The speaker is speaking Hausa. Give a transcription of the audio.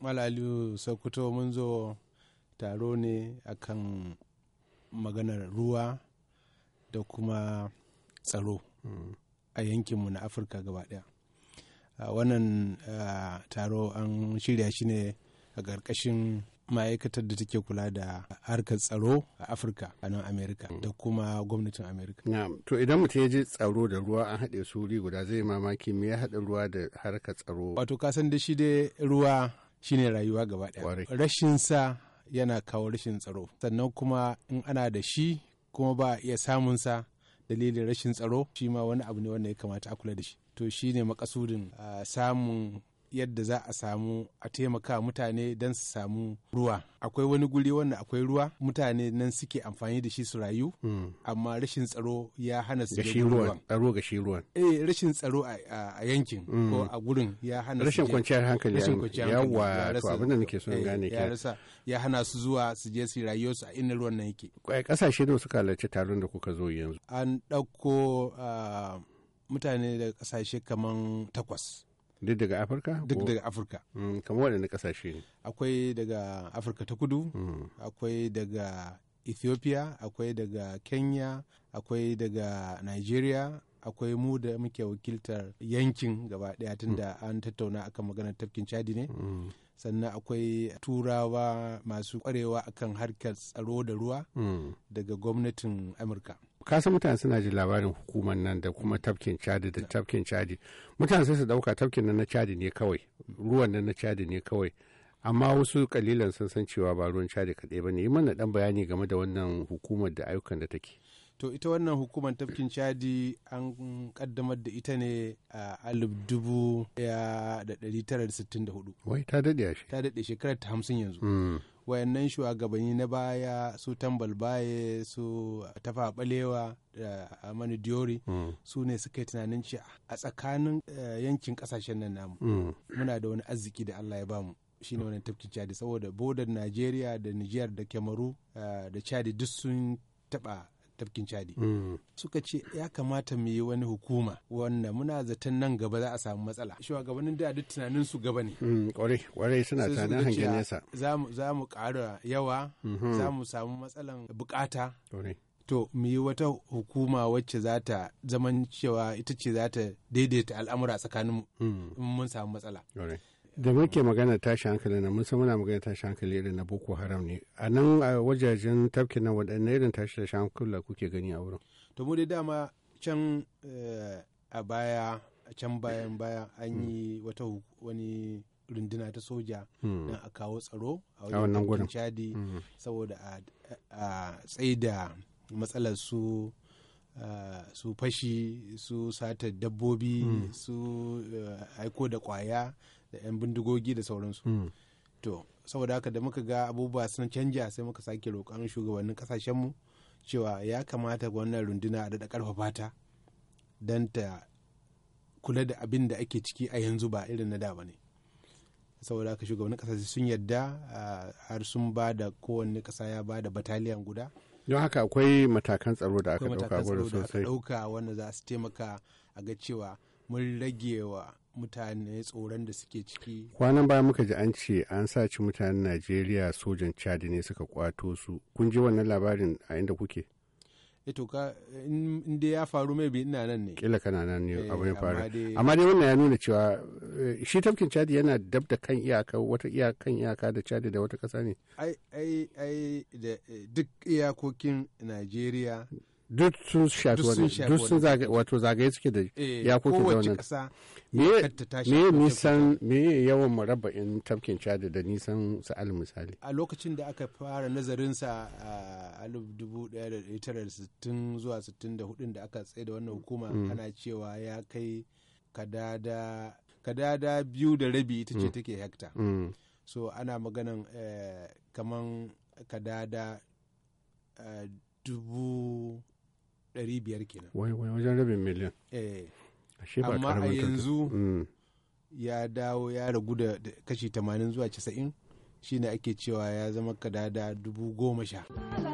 malaliyu sokoto mun zo taro ne akan maganar ruwa da kuma tsaro mm. a yankinmu na afirka gaba daya wannan taro an shirya shi ne a ƙarƙashin ma'aikatar da take kula da harkar tsaro a afirka a nan amerika mm. da kuma gwamnatin amerika to idan mutum ya je tsaro da ruwa an haɗe su guda zai mamaki me ya haɗa ruwa da harkar tsaro wato kasan da shi dai ruwa shine rayuwa gaba ɗaya rashin sa yana kawo rashin tsaro sannan kuma in ana da shi kuma ba a iya samun sa dalilin rashin tsaro shi ma wani abu ne wanda ya kamata a kula da shi to shine makasudin ah, samun yadda za a samu a taimaka mutane don su samu ruwa akwai wani guri wanda akwai ruwa mutane nan suke amfani da shi su rayu hmm. amma rashin tsaro ya hana su gashi ruwan tsaro gashi ruwan eh rashin tsaro a yankin ko hmm. a gurin ya hana rashin kwanciyar hankali rashin kwanciyar hankali yawa to abin da nake son eh, gane ya rasa ya hana su zuwa su je su rayu su a inda ruwan nan yake kasashe da suka halarci taron da kuka zo yanzu an dauko ah, mutane da kasashe kaman takwas duk daga afirka duk daga afirka mm, kamar waɗanda ƙasashe ne akwai daga afirka ta kudu mm. akwai daga ethiopia akwai daga kenya akwai daga nigeria akwai mu da muke wakiltar yankin gaba ɗaya tun da an tattauna akan maganar tafkin chadi ne mm. sannan akwai turawa masu kwarewa akan harkar tsaro da ruwa daga gwamnatin amurka Kasan mutane suna jin labarin hukumar nan da kuma tafkin cadi da tafkin cadi mutane sai su dauka tafkin nan na cadi ne kawai ruwan nan na cadi ne kawai amma wasu kalilan sun san cewa ba ruwan cadi kadai ba ne yi mana dan bayani game da wannan hukumar da ayyukan da take to ita wannan hukumar tafkin cadi an kaddamar da ita ne a alif dubu da dari tara da sittin da hudu wai ta daɗe ta daɗe shekarar ta hamsin yanzu hmm. wayannan shugabanni na baya su tambal baye su tafa balewa da amani diori mm. su ne suka yi tunanin ci a tsakanin eh, yankin kasashen nan namu mm. muna da wani arziki da allah ya bamu ne wani tafki chadi saboda bodar najeriya da niger da kyamaru eh, da chadi duk sun taba tafkin chadi mm. suka ce ya kamata mu yi wani hukuma wanda muna zaton nan gaba za a samu matsala shugabannin da duk tunanin su gaba ne mm, Kware kware suna tunanin hangen nesa za mu ƙara yawa mhm. za mu samu matsalan bukata to mu yi wata hukuma wacce za ta zaman cewa ita ce za ta daidaita al'amura tsakanin mm. mun samu matsala da muke magana tashi hankali na mun san muna magana tashi hankali irin na boko haram ne a nan a wajajen tafkin nan waɗanne irin tashi tashi hankali kuke gani a wurin to mu dai dama can eh, a baya can bayan baya an yi hmm. wata wani runduna ta soja hmm. don a kawo tsaro a wajen chadi hmm. saboda a tsaida matsalar su Eh, su fashi su sata dabbobi hmm. su eh, aiko da kwaya da 'yan bindigogi da sauransu hmm. to saboda haka da muka ga abubuwa sun canja sai muka sake roƙon shugabannin kasashenmu cewa ya kamata wannan runduna a daɗa ƙarfafa ta don ta kula da abin da ake ciki a yanzu ba irin na da ba ne saboda haka shugabannin kasashe sun yarda eh, har sun ba da kowanne ƙasa ya ba da bataliyan guda don haka akwai matakan tsaro da aka dauka gudu sosai dauka wanda za su taimaka a ga cewa mun rage wa mutane tsoron da suke ciki kwanan baya muka ji an ce an saci mutanen najeriya sojan chad ne suka kwato su kun ji wannan labarin a inda kuke Eh, to ka in dai ya faru mai bi ina nan ne kila kana nan ne eh, abu ya faru amma dai wannan ya nuna cewa eh, shi tafkin chadi yana dab da kan iyaka wata iyakan iyaka da chadi da wata kasa ne ai ai ai da duk iyakokin Najeriya duk sun shafi wani duk sun wato zagaye suke da iyakokin da wannan me nisan me yawan murabba'in tafkin chadi da nisan sa'al misali a lokacin da aka fara nazarin sa ah, 1960 zuwa 64 da aka tsaye da wannan mm. hukuma mm. ana cewa ya kai kadada biyu da rabi ita ce mm. take hekta so ana maganan eh, kaman kadada eh, dubu ɗari biyar kenan wajen rabin miliyan eh, amma a yanzu ya dawo ya ragu da kashi 80 zuwa 90 shine ake cewa ya zama kadada dubu goma sha.